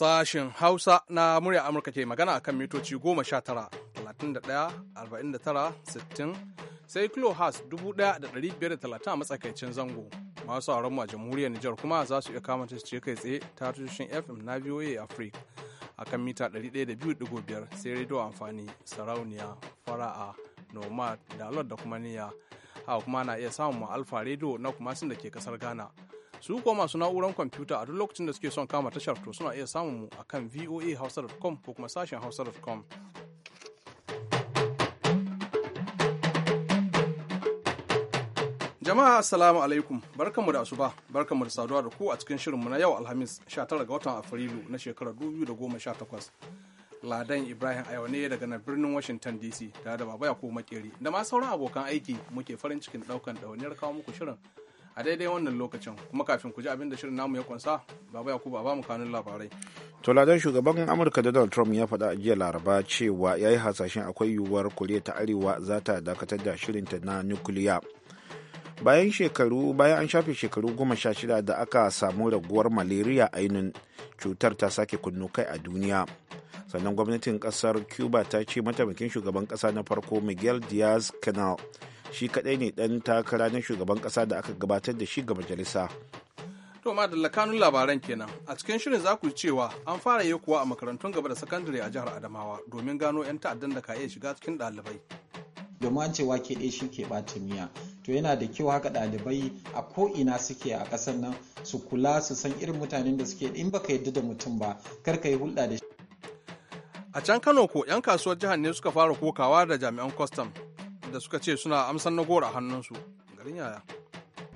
Sashen Hausa na murya Amurka ke magana a kan mitoci 19, 31, 49, sai kilohas 1,530 a matsakaicin zango. Masu a a jamhuriyar Nijar kuma za su iya kamata su ce kai tsaye ta tushen FM na VOA Africa a kan mita 102.5 sai rediyo amfani sarauniya fara'a nomad dalar da kuma niyya. a kuma na iya samun alfa rediyo na kuma sun da ke kasar Ghana. su kuma masu na'urar kwamfuta a duk lokacin da suke son kama tashar to suna iya samun mu akan voahausa.com ko kuma sashen hausa.com Jama'a assalamu alaikum barkanmu da asuba barkanmu da saduwa da ku a cikin shirinmu na yau Alhamis 19 ga watan Afrilu na shekarar 2018. Ladan Ibrahim a ne daga nan birnin Washington DC tare da Baba Yakubu Makeri da ma sauran abokan aiki muke farin cikin daukan ɗawainiyar kawo muku shirin a daidai wannan lokacin kuma kafin ku ji abin da shirin namu ya kunsa baba yakubu ba bamu kanun labarai toladan shugaban amurka donald trump ya faɗa a jiya laraba cewa ya yi hasashen akwai yiwuwar koriya ta arewa za ta dakatar da shirinta na nukiliya bayan shekaru bayan an shafe shekaru goma sha shida da aka samu raguwar malaria ainin cutar ta sake kunnu kai a duniya sannan gwamnatin kasar cuba ta ce mataimakin shugaban kasa na farko miguel diaz canal shi kadai ne dan takara na shugaban kasa da aka gabatar da shi ga majalisa to madalla kanun labaran kenan a cikin shirin za ku cewa an fara yi kuwa a makarantun gaba da sakandare a jihar adamawa domin gano 'yan ta'addan da ka iya shiga cikin ɗalibai domin cewa ke ɗaya shi ke ɓata miya to yana da kyau haka ɗalibai a ko'ina suke a ƙasar nan su kula su san irin mutanen da suke in baka yadda da mutum ba kar ka yi hulɗa da shi a can kano ko 'yan kasuwar jihar ne suka fara kokawa da jami'an kwastam da suka ce suna amsan na gora hannunsu garin yaya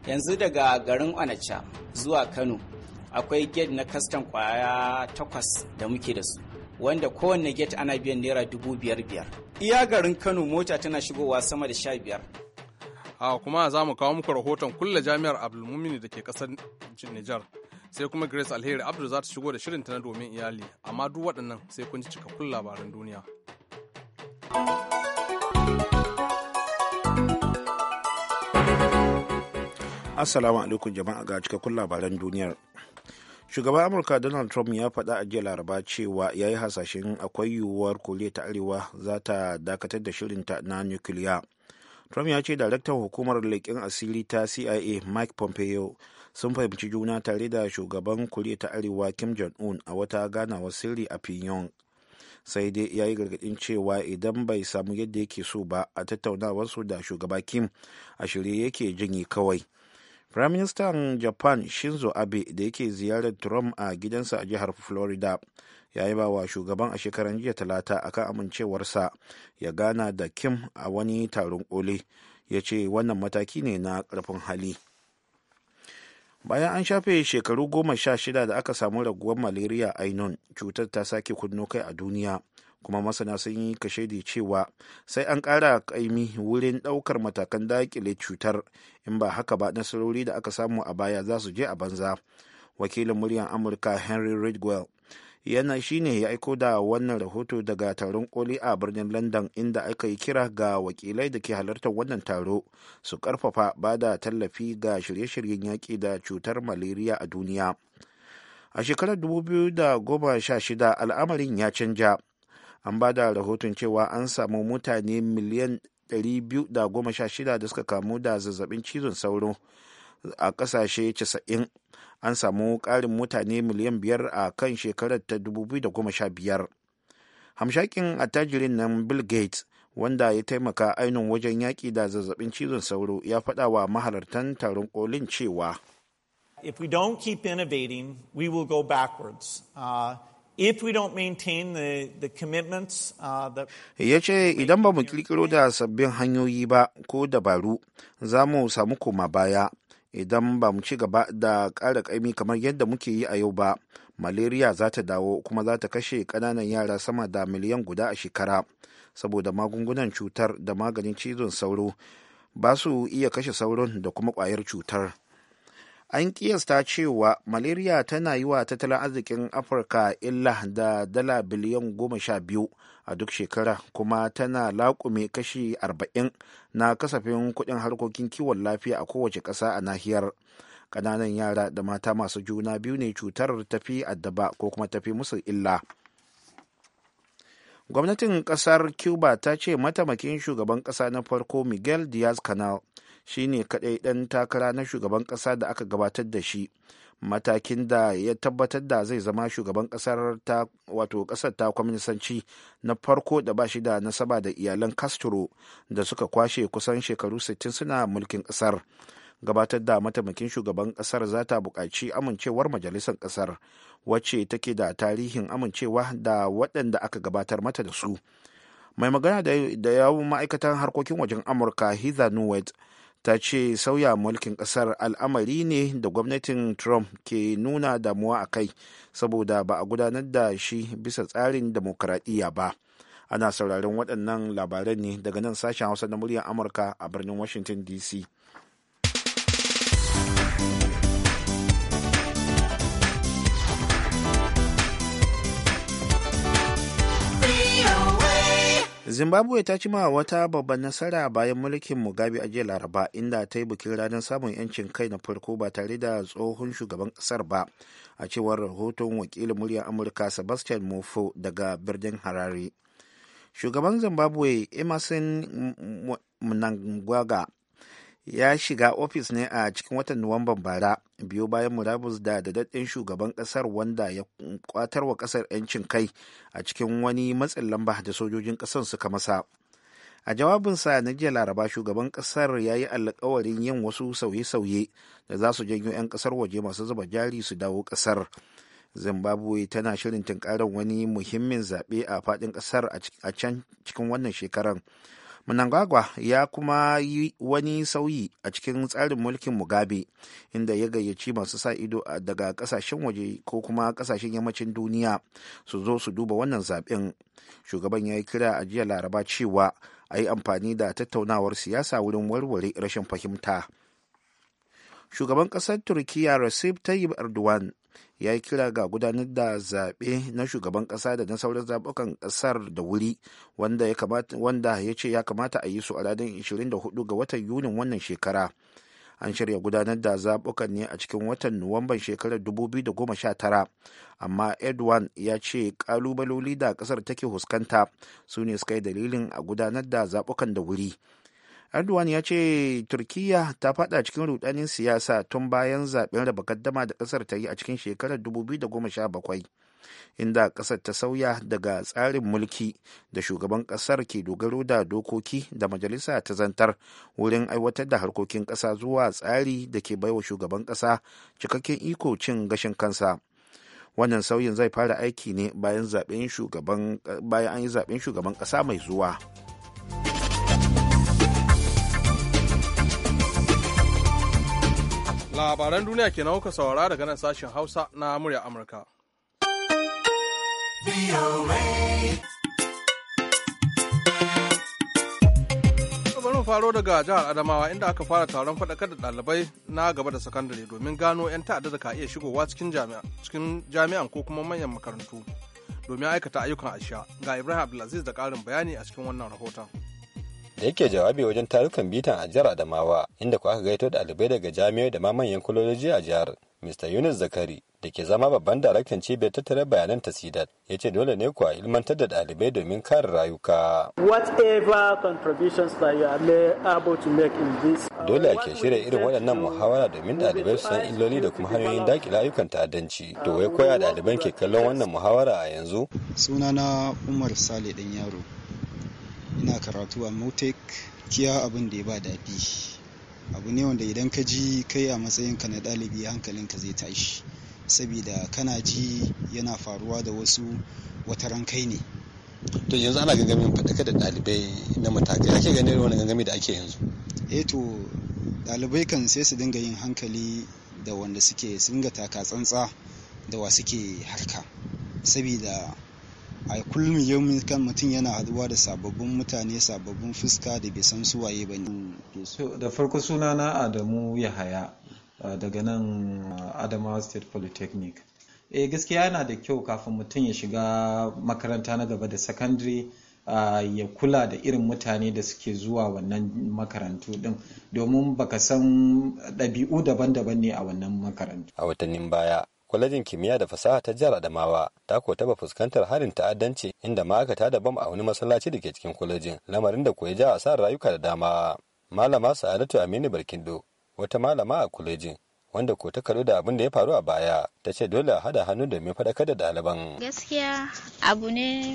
yanzu daga garin onacha zuwa kano akwai gate na kastan kwaya takwas da muke da su wanda kowanne gate ana biyan naira dubu biyar biyar iya garin kano mota tana shigowa sama da sha biyar a kuma za mu kawo muku rahoton kulle jami'ar abdulmumin da ke kasar nijar sai kuma grace alheri abdul za ta shigo da ta na domin iyali amma duk waɗannan sai kun ji cikakkun labaran duniya assalamu alaikum jama'a ga cikakkun labaran duniyar shugaban amurka donald trump ya faɗa a jiya laraba cewa ya yi hasashen akwai yiwuwar koriya ta arewa za ta dakatar da shirinta na nukiliya trump ya ce daraktan hukumar leƙen asiri ta cia mike pompeo sun fahimci juna tare da shugaban koriya ta arewa kim jong-un a wata ganawar sirri a pyongyang sai dai ya yi gargaɗin cewa idan bai samu yadda yake so ba a tattaunawarsu da shugaba kim a shirye yake jinyi kawai firaministan japan shinzo abe da yake ziyarar trump a gidansa a jihar florida ya yi wa shugaban a shekaran jiya talata akan amincewarsa ya gana da kim a wani taron koli ya ce wannan mataki ne na karfin hali bayan an shafe shekaru goma sha shida da aka samu raguwar malaria ainun cutar ta sake kunno kai a duniya kuma masana sun yi kashedi cewa sai an ƙara ƙaimi wurin ɗaukar matakan daƙile cutar in ba haka ba nasarori da aka samu a baya za su je a banza wakilin muryar amurka henry ridgwell yana shine ya aiko da wannan rahoto daga taron koli a birnin london inda aka yi kira ga wakilai da ke halartar wannan taro su karfafa ba da tallafi ga shirye-shiryen yaƙi da cutar maleriya a duniya a shekarar 2016 al'amarin ya canja an ba da rahoton cewa an samu mutane miliyan 216 da suka kamu da zazzabin cizon sauro a kasashe 90 an samu karin mutane miliyan 5 a kan shekarar ta 2015 hamshakin attajirin nan bill gates wanda ya taimaka ainihin wajen yaƙi da zazzabin cizon sauro ya faɗa wa mahalartan taron kolin cewa if we don't keep innovating we will go backwards uh, Uh, ya ce idan ba mu kirkiro da sabbin hanyoyi ba ko dabaru za mu samu koma baya idan ba mu ci gaba da ƙara ƙaimi kamar yadda muke yi a yau ba malaria za ta dawo kuma za ta kashe ƙananan yara sama da miliyan guda a shekara saboda magungunan cutar da maganin cizon sauro ba su iya kashe sauron da kuma kwayar cutar. an kiyasta cewa malaria tana yi wa tattalin arzikin afirka illa da dala biliyan goma sha biyu a duk shekara kuma tana laƙume kashi arba'in na kasafin kuɗin harkokin kiwon lafiya a kowace ƙasa a nahiyar ƙananan yara da mata masu juna biyu ne cutar tafi addaba ko kuma tafi musu illa gwamnatin ƙasar cuba ta ce mataimakin shugaban ƙasa na farko miguel diaz canal shi ne kadai dan takara na shugaban kasa da aka gabatar da shi matakin da ya tabbatar da zai zama shugaban kasar ta wato kasar ta kwaminisanci na farko da ba shi da nasaba da iyalan castro da suka kwashe kusan shekaru 60 suna mulkin kasar gabatar da mataimakin shugaban kasar za ta buƙaci amincewar majalisar kasar wacce take da tarihin amincewa da waɗanda aka gabatar mata da su mai magana da yawun ma'aikatan harkokin wajen amurka heather ta ce sauya mulkin kasar al'amari ne da gwamnatin trump ke nuna damuwa a kai saboda ba a gudanar da shi bisa tsarin demokuraɗiyya ba ana sauraron waɗannan labaran ne daga nan sashen hausa na muryar amurka a birnin washington dc zimbabwe ta cima wata babban nasara bayan mulkin mugabe a jiya laraba inda ta yi bikin ranar samun yancin kai na farko ba tare da tsohon shugaban kasar ba a cewar rahoton wakilin muryar amurka sebastian mofo daga birnin harare shugaban zimbabwe emerson mnangagwa ya shiga ofis ne a cikin watan nuwamban bara biyu bayan murabus da dadaddin shugaban kasar wanda ya kwatar wa kasar 'yancin kai a cikin wani matsin lamba da sojojin kasar suka masa a jawabinsa na jiya laraba shugaban kasar ya yi alkawarin yin wasu sauye-sauye da za su janyo 'yan kasar waje masu zuba jari su dawo kasar zimbabwe tana shirin tunkarar wani muhimmin zaɓe a faɗin ƙasar a can cikin wannan shekarar Mnangagwa ya kuma yi wani sauyi a cikin tsarin mulkin Mugabe inda ya gayyaci masu sa ido daga ƙasashen waje ko kuma ƙasashen yammacin duniya su zo su duba wannan zaɓen. Shugaban ya yi kira a jiya Laraba cewa a yi amfani da tattaunawar siyasa wurin warware rashin fahimta. Shugaban ƙasar Turkiyya Recep Tayyip Erdogan ya yi kira ga gudanar da zaɓe na shugaban ƙasa da na sauran zaɓukan ƙasar da wuri wanda ya ce ya kamata a yi su a ranar 24 ga watan yunin wannan shekara an shirya gudanar da zaɓukan ne a cikin watan nuwamban shekarar 2019 amma edwin ya ce ƙalubaloli da ƙasar take huskanta su ne suka yi dalilin a gudanar da zaɓukan da wuri Erdogan ya ce Turkiyya ta fada cikin rudanin siyasa tun bayan zaben raba gaddama da kasar ta yi a cikin shekarar 2017 inda kasar ta sauya daga tsarin mulki da shugaban kasar ke dogaro da dokoki da majalisa ta zantar wurin aiwatar da harkokin kasa zuwa tsari da ke baiwa shugaban kasa cikakken iko cin gashin kansa. wannan sauyin zai fara aiki ne bayan an yi zaben shugaban kasa mai zuwa. Labaran duniya ke kuka saurara daga nan sashen Hausa na murya Amurka. bari faro daga jihar Adamawa inda aka fara taron faɗakar da ɗalibai na gaba da sakandare domin gano 'yan ta'adda da ka iya shigowa cikin jami'an ko kuma manyan makarantu domin aikata ayyukan asha ga Ibrahim Abdulaziz da karin bayani a cikin wannan rahoton. da yake jawabi wajen tarukan bitan a jihar Adamawa inda kuka aka da ɗalibai daga jami'ai da ma manyan a jihar. Mr. Yunus Zakari da ke zama babban daraktan cibiyar tattara bayanan sidat ya ce dole ne kuwa ilmantar da ɗalibai domin kare rayuka. Whatever contributions uh, Dole a ke shirya irin waɗannan muhawara domin ɗalibai su san illoli da kuma hanyoyin daƙi ayyukan ta'addanci. Uh, to wai koya ɗaliban ke kallon wannan muhawara a yanzu? Sunana Umar Sale ɗan yaro. ina karatu a motek kiya abin da ya ba daɗi abu ne wanda idan ka ji kai a matsayinka na ɗalibi hankalinka zai tashi saboda kana ji yana faruwa da wasu wata kai ne to yanzu ana gangamin faɗaka da ɗalibai na matakai ake ganin wani gangami da ake yanzu eh to ɗalibai kan sai su dinga yin hankali da wanda suke sun ga taka tsantsa da wa suke harka saboda a kullum yau kan mutum yana haduwa da sababbin mutane sababbin fuska da bai san suwaye ba ne mm, da farko suna na adamu yahaya uh, daga nan uh, adamawa state polytechnic eh gaskiya yana da kyau kafin mutum ya shiga makaranta na gaba da secondary uh, ya kula da irin mutane da suke zuwa wannan makarantu din domin baka san ɗabi'u daban-daban ne a wannan makarantu a watannin baya kwalejin kimiyya da fasaha ta jihar adamawa ta ko taba fuskantar harin ta'addanci inda ma'aikata da bam a wani masallaci da ke cikin kwalejin lamarin da kuwa ja sa rayuka da dama malama sa'adatu aminu barkindo wata malama a kwalejin wanda ko ta karu da abin da ya faru a baya ta ce dole a hada hannu domin faɗakar da ɗaliban. gaskiya abu ne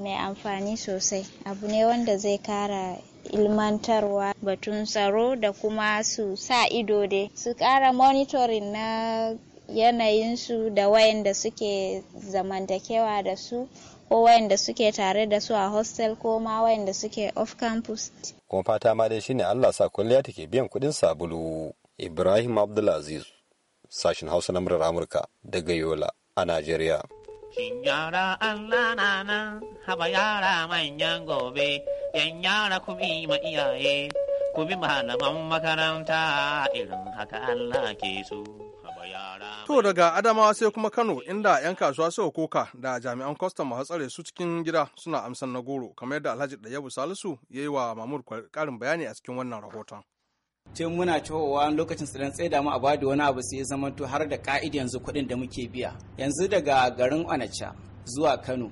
mai amfani sosai abu ne wanda zai kara ilmantarwa batun tsaro da kuma su sa ido dai su kara monitoring na yanayinsu da wayanda suke zamantakewa da su ko wayanda suke tare da su a hostel ko ma wayanda suke off campus. Kuma fata ma dai shine Allah sa kwalliya take biyan kuɗin sabulu. Ibrahim Abdulaziz, sashen Hausa na murar Amurka daga Yola a Najeriya. Shin Allah na nan haba yara manyan gobe, yan yara ku bi ma iyaye, ku bi malaman makaranta irin haka Allah ke so. To daga Adamawa sai kuma Kano inda 'yan kasuwa suka koka da jami'an kwastam a hatsare su cikin gida suna amsan na goro kamar yadda Alhaji Dayabu Salisu ya yi wa Mamur karin bayani a cikin wannan rahoton. Tun muna cewa lokacin su tsaye da mu a bada wani abu sai ya zamanto har da ka'id yanzu kuɗin da muke biya. Yanzu daga garin Onacha zuwa Kano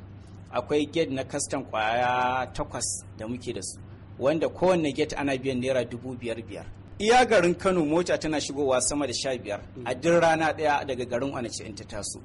akwai gate na kastan kwaya takwas da muke da su wanda kowanne gate ana biyan naira dubu biyar biyar. iya garin kano mota tana shigowa sama da sha biyar a duk rana daya daga garin onace in ta taso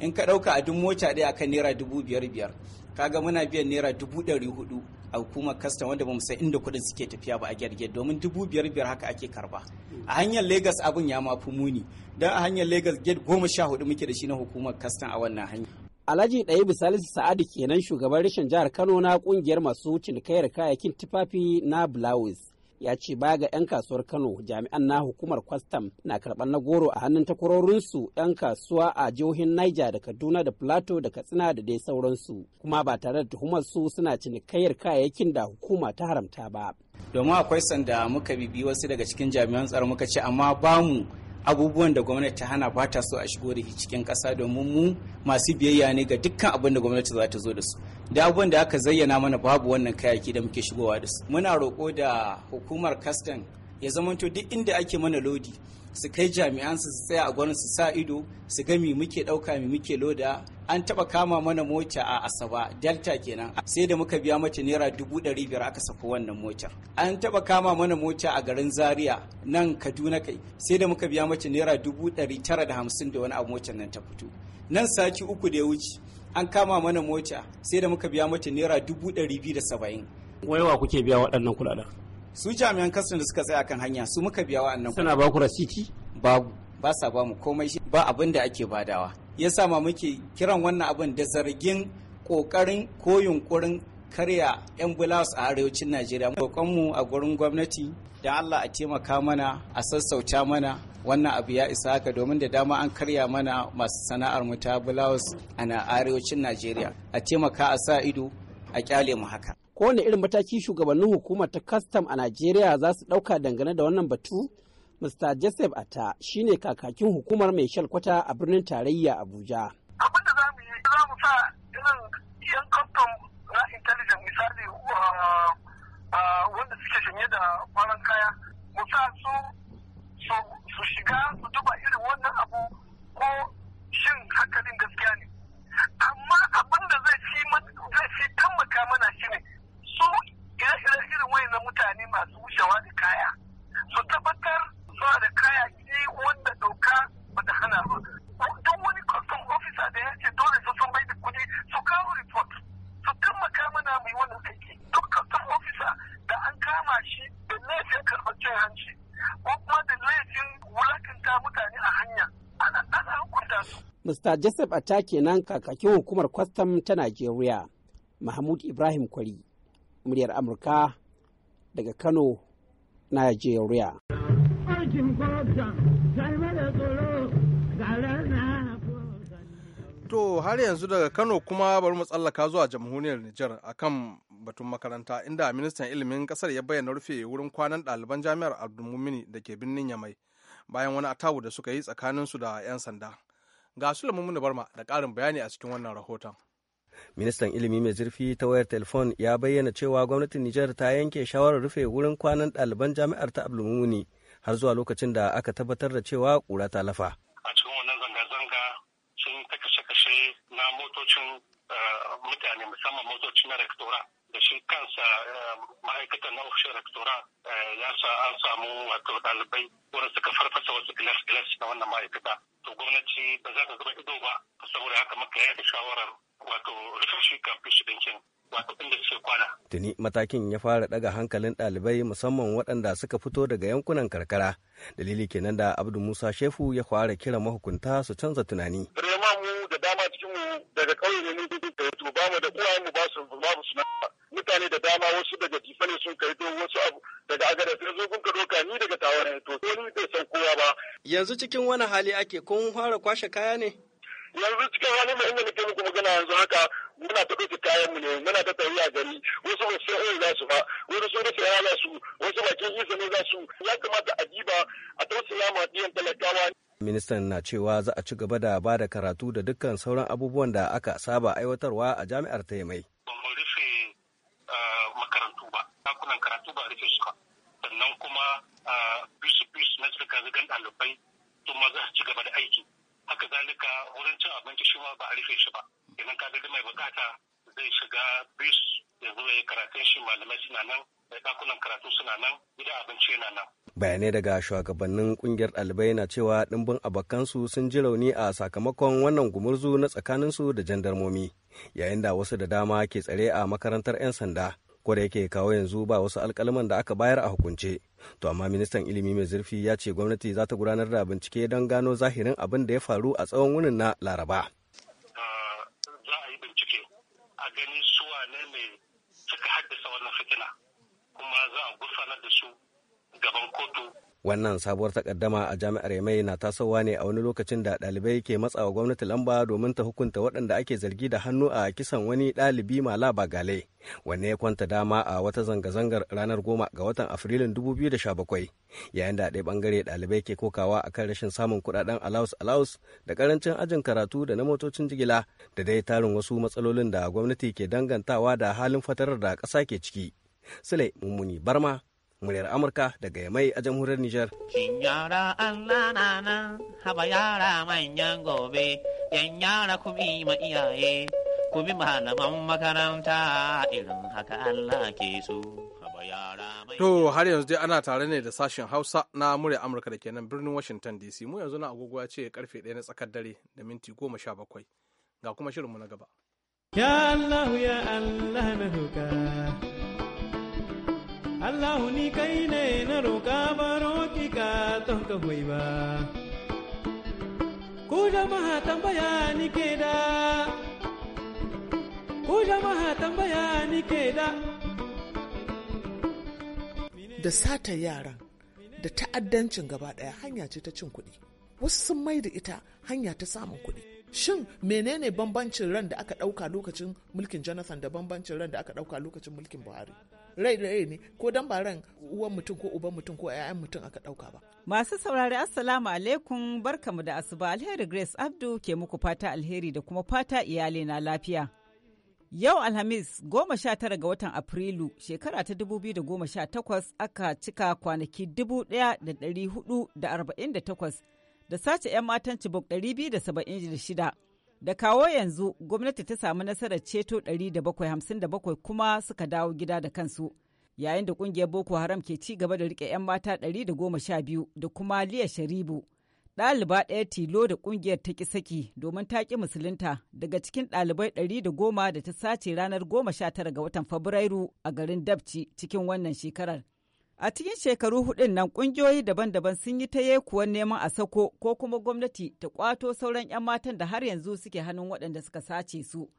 in ka ɗauka a duk mota daya akan naira dubu biyar biyar kaga muna biyan naira dubu dari hudu a hukumar kastam wanda ba mu san inda kuɗin suke tafiya ba a gyargyar domin dubu biyar biyar haka ake karba a hanyar legas abin ya mafi muni don a hanyar legas gate goma sha hudu muke da shi na hukumar kastan a wannan hanya Alhaji ɗaya misali Sa'adu kenan shugaban rashin jihar Kano na kungiyar masu cinikayyar kayayyakin tufafi na Blouse. ya ce baya ga 'yan kasuwar Kano jami'an na hukumar kwastam na karɓar na goro a hannun takwarorinsu 'yan kasuwa a jihohin Niger da Kaduna da Plateau da Katsina da dai sauransu kuma ba tare da tuhumar su suna cinikayyar kayayyakin da hukuma ta haramta ba. Domin akwai sanda muka bibi wasu daga cikin jami'an tsaro muka ce amma bamu abubuwan da gwamnati ta hana ba ta so a shigo da cikin kasa domin mu masu biyayya ne ga dukkan abin da gwamnati za ta zo da su da abubuwan da aka zayyana mana babu wannan kayaki da muke shigowa da su muna roƙo da hukumar kastan ya zamanto duk inda ake mana lodi su kai jami'an su tsaya a gwamnati su sa ido su ga me muke ɗauka mi muke loda an taba kama mana mota a asaba delta kenan sai da muka biya mata naira dubu ɗari biyar aka sako wannan motar an taba kama mana mota a garin zaria nan kaduna kai sai da muka biya mata naira dubu ɗari tara da hamsin da wani abu motar nan ta fito nan sati uku da ya wuce an kama mana mota sai da muka biya mata naira dubu ɗari biyu da saba'in waiwa kuke biya waɗannan kuɗaɗen su jami'an kasan da suka tsaya akan hanya su muka biya waɗannan suna ba ku rasiti babu ba sa ba mu komai ba abin da ake badawa ya sama muke kiran wannan abin da zargin kokarin ko yunkurin karya 'yan bulas a arewacin najeriya mu a gurin gwamnati da allah a taimaka mana a sassauta mana wannan abu ya isa haka domin da dama an karya mana masu sana'ar mu ta blouse a na arewacin najeriya a taimaka a sa ido a kyale mu haka kowane irin mataki shugabannin hukumar ta kastam a najeriya za su ɗauka dangane da wannan batu Mr. Joseph Atta shine kakakin hukumar mai Kwata a birnin tarayya Abuja. Abin da za mu yi za mu sa irin yan kamfan na intelligent misali wanda suke shanye da kwanan kaya mu sa su su shiga su duba irin wannan abu ko shin hankalin gaskiya ne. Amma abin da zai fi taimaka mana shi ne su ire irin wayan mutane masu wucewa da kaya su tabbatar zuwa da kayaki wanda doka bata hana ba duk wani custom officer da ya ce dole su bai da kuɗi su kawo report su taimaka mana mu yi wannan aiki duk custom officer da an kama shi da laifin karɓar cin hanci ko kuma da laifin wulakanta mutane a hanya ana ana hukunta su. Mr. Joseph Atta kenan kakakin hukumar kwastam ta Najeriya. Mahmud Ibrahim Kwari, muryar Amurka daga Kano, Najeriya. To har yanzu daga Kano kuma bari mu tsallaka zuwa jamhuriyar Nijar a kan batun makaranta inda ministan ilimin kasar ya bayyana rufe wurin kwanan ɗaliban jami'ar Abdulmumini da ke birnin Yamai bayan wani atawu da suka yi tsakanin su da 'yan sanda. Ga su Sulaiman Barma da ƙarin bayani a cikin wannan rahoton. ministan ilimi mai zurfi ta wayar telefon ya bayyana cewa gwamnatin nijar ta yanke shawarar rufe wurin kwanan ɗaliban jami'ar ta Abdulmumini har zuwa lokacin da aka tabbatar da cewa ƙura ta lafa. A cikin wannan zanga-zanga sun ta kashe-kashe na motocin eh, mutane musamman motocin na rektora da shi kansa eh, ma'aikatan na ofishin rektora eh, ya sa an samu wato ɗalibai wurin suka farfasa wasu gilas-gilas na wannan ma'aikata. To gwamnati ba za ta zama ido ba saboda haka muka yanke shawarar wato rufe shi kamfishin ɗinkin wato inda suke kwana. Tuni matakin ya fara daga hankalin ɗalibai musamman waɗanda suka fito daga yankunan karkara. Dalili kenan da Abdu Musa Shefu ya fara kira mahukunta su canza tunani. Rema mu da dama cikin daga ƙauye ne mun ba mu da ba su ba mutane da dama wasu daga tifa ne sun kai don wasu abu daga agada sai zo kun doka ni daga tawara to ni bai san kowa ba. Yanzu cikin wani hali ake kun fara kwashe kaya ne? yanzu cikin wani mai inda nake muku magana yanzu haka muna ta su kayan mu ne muna ta a gari wasu ba sai za su ba wasu sun rufe ya za su wasu bakin isa ne za su ya kamata a jiba a wasu lama biyan talakawa. ministan na cewa za a ci gaba da ba da karatu da dukkan sauran abubuwan da aka saba aiwatarwa a jami'ar ta mai. mu rufe makarantu ba ɗakunan karatu ba rufe su ba sannan kuma bisu bisu na zirga-zirgar ɗalibai sun ma za su ci gaba da aiki haka zalika wurin cin abinci shi ba a rufe shi ba idan ka da mai bukata zai shiga bis ya zo ya yi karatun shi malamai suna nan dakunan karatu suna nan gida abinci yana nan. Bayanai daga shugabannin kungiyar ɗalibai na cewa ɗimbin abokansu sun ji rauni a sakamakon wannan gumurzu na tsakaninsu da jandarmomi yayin da wasu da dama ke tsare a makarantar 'yan sanda. ko da yake kawo yanzu ba wasu alkalaman da aka bayar a hukunce to amma ministan ilimi mai zurfi ya ce gwamnati za ta gudanar da bincike don gano zahirin abin da ya faru a tsawon wunin na laraba za yi bincike a gani suwa ne mai suka haddasa wannan fitina kuma za a gurfanar da su gaban kotu wannan sabuwar takaddama a jami'ar Mai na tasowa ne a wani lokacin da ɗalibai ke matsawa gwamnati lamba domin ta hukunta waɗanda ake zargi da hannu a kisan wani ɗalibi mala bagale wanne ya kwanta dama a wata zanga-zangar ranar goma ga watan afrilun 2017 yayin da ɗaya ɓangare ɗalibai ke kokawa a kan rashin samun kuɗaɗen alaus alaus da ƙarancin ajin karatu da na motocin jigila da dai tarin wasu matsalolin da gwamnati ke dangantawa da halin fatarar da ƙasa ke ciki sule mummuni barma muryar Amurka daga Yamai a jamhuriyar Nijar. na nan manyan gobe, yan yara ku bi iyaye, ku bi makaranta irin haka Allah so. To har yanzu dai ana tare ne da sashen Hausa na murya Amurka da kenan birnin Washington DC mu yanzu na agogo ya ce karfe 1 na tsakar dare da minti goma sha bakwai ga kuma shirinmu na gaba. Ya Allah ya Allah na roka Allah ni kai ne na roƙa baro ton ka ba. Ku jama'a tambaya ni ke da, ku jama'a tambaya ni ke da. Da sata yaran da ta'addancin gaba ɗaya hanya ce ta cin kuɗi. Wasu sun mai da ita hanya ta samun kuɗi. shin menene bambancin ran da aka ɗauka lokacin mulkin jonathan da bambancin ran da aka ɗauka lokacin mulkin buhari rai da rai ne ko dan ba ran uwan mutum ko uban mutum ko 'ya'yan mutum aka ɗauka ba. Masu saurari assalamu alaikum barkamu da asuba alheri Grace Abdu ke muku fata alheri da kuma fata iyali na lafiya. Yau Alhamis goma sha tara ga watan Afrilu shekara ta dubu biyu da goma sha takwas aka cika kwanaki dubu ɗaya da ɗari hudu da arba'in da takwas da sace 'yan matan cibok ɗari biyu da saba'in da shida. da kawo yanzu gwamnati ta samu nasarar ceto 757 kuma suka dawo gida da kansu yayin da kungiyar boko haram ke ci gaba da rike 'yan mata 112 da kuma liya sharibu ɗaliba ɗaya tilo da kungiyar ta ki saki domin ta ki musulunta daga cikin ɗalibai 110 da ta sace ranar 19 ga watan fabrairu a garin dabci cikin wannan shekarar A cikin shekaru hudun nan kungiyoyi daban-daban sun yi ta yekuwar neman a sako ko kuma gwamnati ta kwato sauran 'yan matan da har yanzu suke hannun waɗanda suka sace su.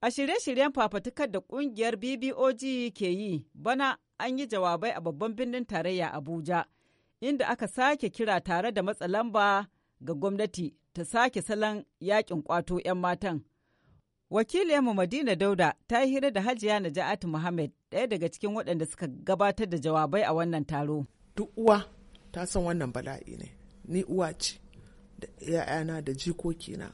A shirye-shiryen fafatukar da kungiyar BBOG ke yi bana an yi jawabai a babban birnin tarayya Abuja, inda aka sake kira tare da matsa lamba ga gwamnati ta sake salon yakin kwato 'yan matan. Wakiliyarmu Madina Dauda ta yi hira da Hajiya Naja'atu Muhammad ɗaya daga cikin waɗanda suka gabatar da jawabai a wannan taro. Duk uwa ta san wannan bala'i ne, ni uwa ce da ‘ya'yana da jikokina.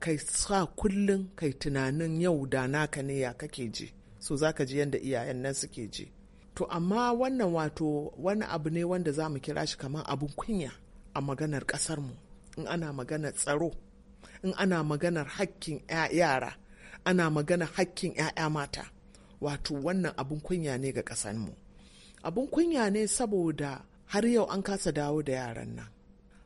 Kai sa kullum kai tunanin yau da naka ne ya kake ji, so za ka ji yadda iyayen nan suke ji. To amma wannan wato wani abu ne wanda za mu kira shi kamar abin kunya a maganar ƙasarmu, in ana maganar tsaro, in ana maganar hakkin yara. ana magana hakkin 'ya'ya mata wato wannan abun kunya ne ga mu abun kunya ne saboda har yau an kasa dawo da yaran nan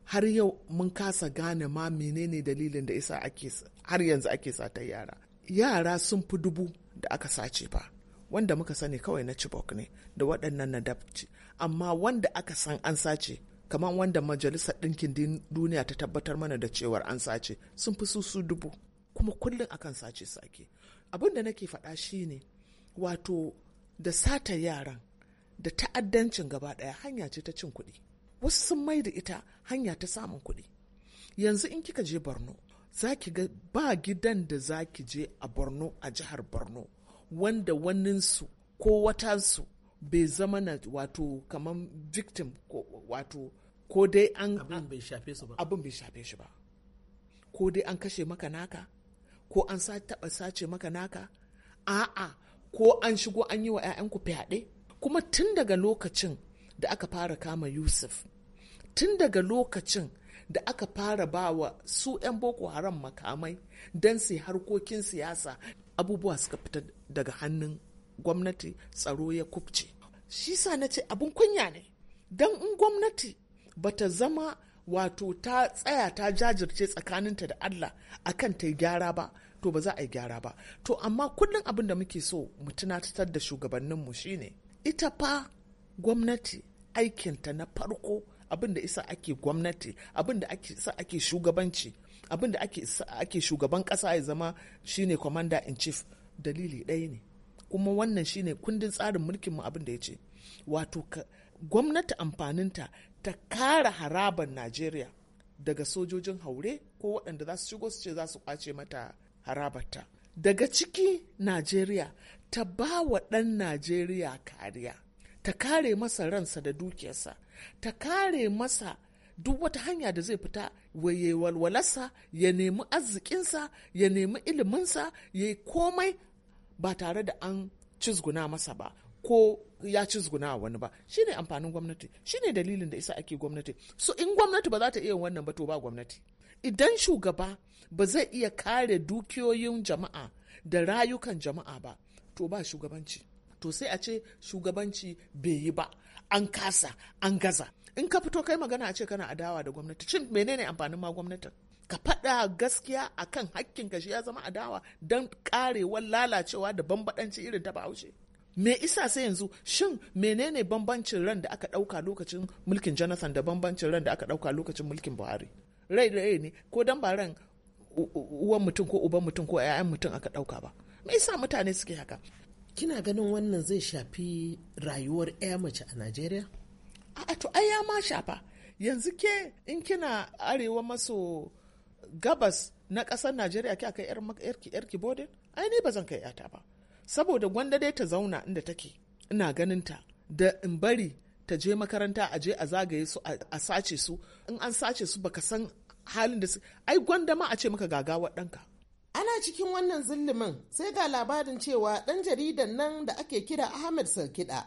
har yau mun kasa gane ma menene dalilin da isa ake har yanzu ake sata yara yara sun fi dubu da aka sace fa wanda muka sani kawai na chibok ne da waɗannan na dabci amma wanda aka san an sace kamar wanda majalisar ɗinkin duniya ta tabbatar mana da cewar an sace sun fi susu dubu kuma kullum akan sace sake abin da nake faɗa shine wato da sata yaran da ta'addancin gaba ɗaya hanya ce ta cin kuɗi wasu sun mai da ita hanya ta samun kuɗi yanzu in kika je borno zaki ga ba gidan da zaki je a borno a jihar borno wanda waninsu ko watansu bai zama na wato kamar victim ko wato ko dai an abin bai shafe shi ba ko dai an kashe maka naka ko an taɓa sace maka naka a'a ko an shigo an yi wa 'ya'yanku fyaɗe kuma tun daga lokacin da aka fara kama yusuf tun daga lokacin da aka fara ba wa su 'yan boko haram makamai don su harkokin siyasa abubuwa suka fita daga hannun gwamnati tsaro ya kubce shi sa na ce abin kunya ne don in gwamnati bata zama wato ta tsaya ta jajirce tsakaninta da Allah akan ta yi gyara ba to ba za a yi gyara ba to amma kullum abin da muke so mu tunatar da shugabanninmu shine ita fa gwamnati aikinta na farko abin da isa ake gwamnati abin da isa ake shugabanci abin da ake shugaban kasa ya zama shine commander in chief dalili ɗaya ne kuma wannan shine kundin tsarin mulkinmu abin da ya ce wato gwamnati amfaninta ta kara haraban Najeriya daga sojojin haure ko waɗanda za su shigo su ce za su kwace mata harabarta. Daga ciki Najeriya ta ba wa ɗan Najeriya kariya, ta kare masa ransa da dukiyarsa, ta kare masa duk wata hanya da zai fita waye walwalarsa ya nemi arzikinsa ya nemi iliminsa ya yi komai ba tare da an cizguna masa ba ko ya ci zuguna a wani ba shine amfanin gwamnati shine dalilin da isa ake gwamnati so in gwamnati ba za ta iya wannan ba to ba gwamnati idan shugaba ba zai iya kare dukiyoyin jama'a da rayukan jama'a ba to ba shugabanci to sai a ce shugabanci bai yi ba an kasa an gaza in ka fito kai magana a ce kana adawa da gwamnati cin menene amfanin ma gwamnatin ka faɗa gaskiya akan hakkin ka shi ya zama adawa don karewar lalacewa da bambaɗanci irin ta bahaushe me isa sai yanzu shin menene bambancin ran da aka ɗauka lokacin mulkin jonathan da bambancin ran da aka ɗauka lokacin mulkin buhari rai rai ne ko dan ba ran uwan mutum ko uban mutum ko 'ya'yan mutum aka ɗauka ba me isa mutane suke haka kina ganin wannan zai shafi rayuwar 'ya mace a najeriya A'a to ai ya ma shafa yanzu ke in kina arewa maso gabas na ƙasar najeriya ke aka yarki bodin ai ni ba zan kai 'yata ba saboda gwanda dai ta zauna inda take ina ganin ta da in bari ta je makaranta a je a zagaye su a sace su in an sace su baka san halin da su ai gwanda ma a ce maka gagawar ɗanka ana cikin wannan zullumin sai ga labarin cewa ɗan jaridan nan da ake kira ahmed sarkiɗa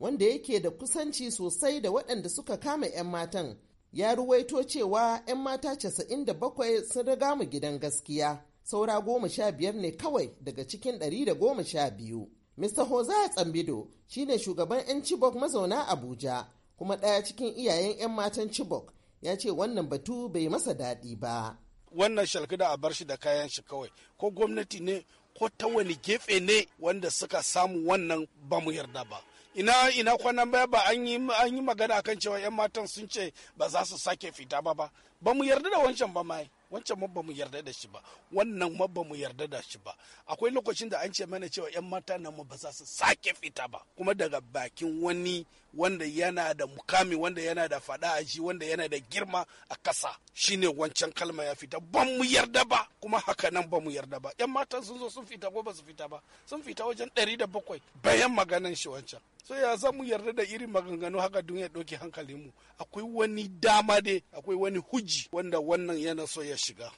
wanda yake da kusanci sosai da waɗanda suka kama 'yan matan ya ruwaito cewa 'yan mata 97 sun riga mu gidan gaskiya saura goma sha biyar ne kawai daga cikin ɗari da goma sha biyu. Mr. Hoza Tsambido shine shugaban 'yan Chibok mazauna Abuja kuma ɗaya cikin iyayen 'yan matan Chibok ya ce wannan batu bai masa daɗi ba. Wannan shalkida a bar shi da kayan shi kawai ko gwamnati ne ko ta wani gefe ne wanda suka samu wannan ba mu yarda ba. ina ina kwanan baya ba an yi an yi magana akan cewa yan matan sun ce ba za su sake fita ba ba ba mu yarda da wancan ba mai wancan mabba mu yarda da shi ba wannan mabba mu yarda da shi ba akwai lokacin da an ce mana cewa 'yan mata nan ba za su sake fita ba kuma daga bakin wani wanda yana da mukami wanda yana da fada a ji wanda yana da girma a kasa shine wancan kalma ya fita ban mu yarda ba kuma haka nan ba mu yarda ba yan matan sun zo sun fita ko ba su fita ba sun fita wajen ɗari da bakwai bayan maganan shi wancan so ya za mu yarda da irin maganganu haka dun ya ɗauki mu akwai wani dama dai akwai wani huji wanda wannan yana so ya shiga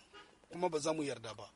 kuma ba za mu yarda ba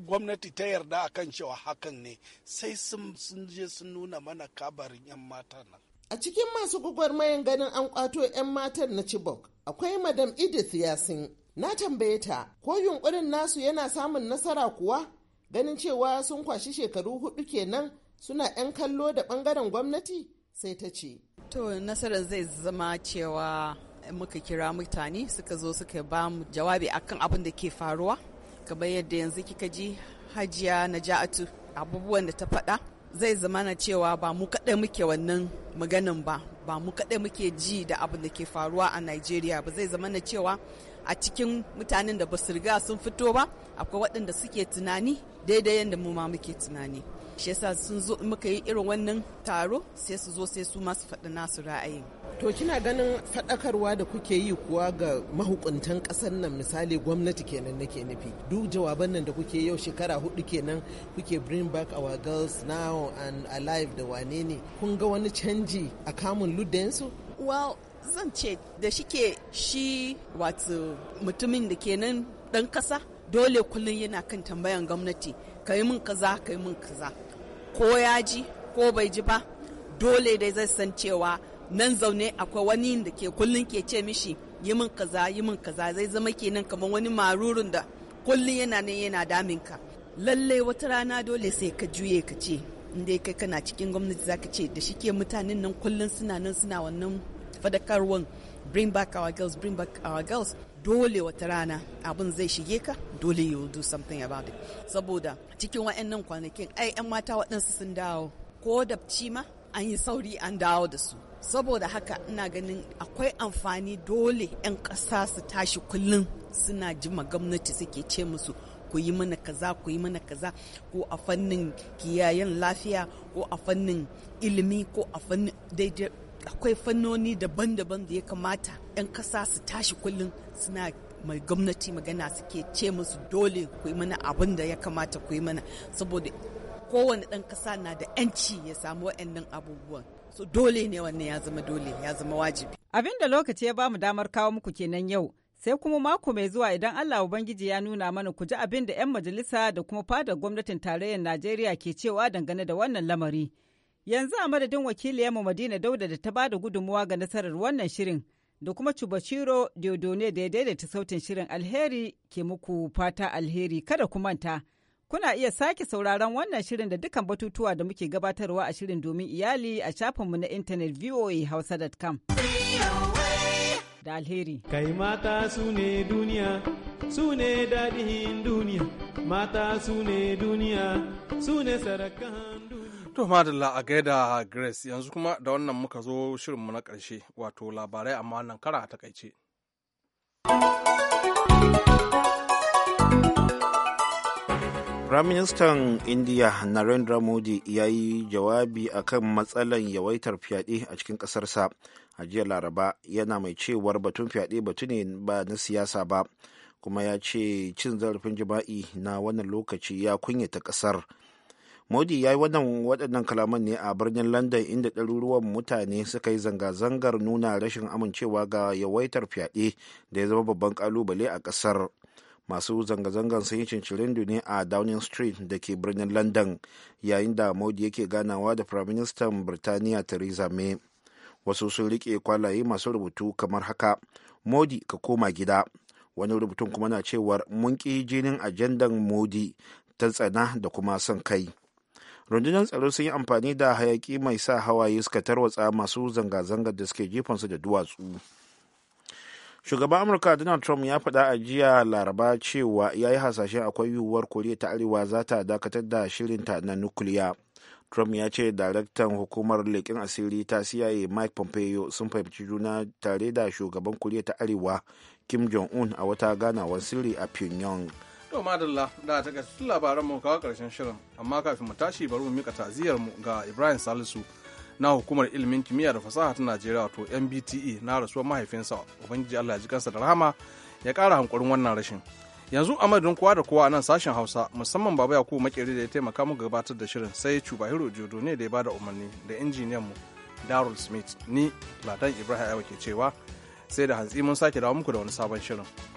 gwamnati ta yarda akan cewa hakan ne sai sun je sun nuna mana kabarin 'yan mata nan A cikin masu gwagwarmayan ganin an kwato 'yan matan na Chibok, akwai Madam Edith Yasin. Na tambaye ta, ko yunkurin nasu yana samun nasara kuwa? Ganin cewa sun kwashi shekaru hudu kenan suna 'yan kallo da bangaren gwamnati sai ta ce. To, nasara zai zama cewa muka kira mutane suka zo suka ba mu jawabi akan abin da ke faruwa. Kamar yadda yanzu kika ji hajiya na ja'atu abubuwan da ta faɗa zai zama na cewa ba mu kaɗai muke wannan maganin ba ba mu kaɗai muke ji da abin da ke faruwa a nigeria ba zai zama na cewa a cikin mutanen da ba su riga sun fito ba akwai waɗanda suke tunani daidai yadda mu ma muke tunani shi yasa sun zo muka yi irin wannan taro sai su zo sai su masu faɗi nasu ra'ayin to kina ganin faɗakarwa da kuke yi kuwa ga mahukuntan ƙasar nan misali gwamnati kenan nake nufi duk jawaban nan da kuke yau shekara hudu kenan kuke bring back our girls now and alive da wane ne kun ga wani canji a kamun luddensu well zan ce da shike shi wato mutumin da kenan ɗan ƙasa dole kullum yana kan tambayan gwamnati ka yi min kaza ka yi min kaza ko ya ji ko bai ji ba dole dai zai san cewa nan zaune akwai wani da ke kullum ke ce mishi yi min kaza yi min kaza zai zama kenan kamar wani marurun da kullum yana nan yana daminka lallai wata rana dole sai ka juye ka ce inda kai kana cikin gwamnati zaka ce da shike mutanen nan kullum suna nan suna wannan fadakarwar bring back our girls bring back our girls dole wata rana abin zai shige ka dole you do something about it saboda cikin wa'annan kwanakin ai 'yan mata waɗansu sun dawo ko da ma an yi sauri an dawo da su saboda haka ina ganin akwai amfani dole 'yan ƙasa su tashi kullum suna jima gwamnati suke ce musu ku yi mana kaza ku yi mana kaza ko a fannin kiyayen lafiya ko a fannin ilimi ko a fannin daidai akwai fannoni daban-daban da ya kamata 'yan kasa su tashi kullum suna mai gwamnati magana suke ce musu dole ku yi mana abin da ya kamata ku yi mana saboda kowane ɗan kasa na da 'yanci ya samu waɗannan abubuwan so dole ne wannan ya zama dole ya zama wajibi abin da lokaci ya ba mu damar kawo muku kenan yau sai kuma mako mai zuwa idan Allah Ubangiji ya nuna mana ku ji abin da 'yan majalisa da kuma fadar gwamnatin tarayyar Najeriya ke cewa dangane da wannan lamari. Yanzu a madadin mu Madina Dauda da ta ba da gudunmuwa ga nasarar wannan shirin da kuma Cubashiro Diodone da ya daidaita sautin shirin alheri ke muku fata alheri kada ku manta. Kuna iya sake sauraron wannan shirin da dukkan batutuwa da muke gabatarwa a shirin domin iyali a shafinmu na intanet voahausa.com. Da alheri. Kai mata su ne duniya, su ne daɗin duniya, mata su ne duniya, su ne sarakan duniya. To madalla a gaida Grace yanzu kuma da wannan muka zo shirinmu na ƙarshe wato labarai amma wannan kara a takaice. Firaministan Indiya Narendra Modi ya yi jawabi a kan matsalan yawaitar fyaɗe a cikin ƙasarsa a jiya Laraba yana mai cewar batun fyaɗe batu ne ba na siyasa ba kuma ya ce cin zarafin jima'i na wannan lokaci ya kunyata ƙasar. modi ya yi wannan waɗannan kalaman ne a birnin london inda ɗaruruwan mutane suka yi zanga-zangar nuna rashin amincewa ga yawaitar fyaɗe da ya zama babban ƙalubale a ƙasar masu zanga-zangar sun yi cincirin ne a downing street da ke birnin london yayin da modi yake ganawa da firaministan birtaniya theresa may wasu sun riƙe kwalaye masu rubutu kamar haka modi ka koma gida wani rubutun kuma na cewar mun ƙi jinin ajandan modi ta tsana da kuma son kai rundunar tsaro sun yi amfani da hayaki mai sa hawaye suka tarwatsa masu zanga-zangar da suke jefansu da duwatsu shugaban amurka donald trump ya faɗa a jiya laraba cewa ya yi hasashen akwai yiwuwar koriya ta arewa za ta dakatar da shirinta na nukiliya trump ya ce daraktan hukumar leƙin asiri ta cia mike pompeo sun fahimci juna tare da shugaban koriya ta arewa kim jong-un a wata ganawar sirri a pyongyang To madalla da ta gasu labaran mu kawo karshen shirin amma kafin mu tashi bari mu mika taziyar mu ga Ibrahim Salisu na hukumar ilimin kimiyya da fasaha ta Najeriya wato NBTE na rasuwar mahaifinsa Ubangiji Allah ya ji kansa da rahama ya kara hankurin wannan rashin. Yanzu a madadin kowa da kowa a nan sashen Hausa musamman Baba Yakubu Makeri da ya taimaka mu gabatar da shirin sai Chubahiro Jodo ne da ya bada umarni da injiniyan mu Darul Smith ni Ladan Ibrahim Ayawa ke cewa sai da hantsi mun sake dawo muku da wani sabon shirin.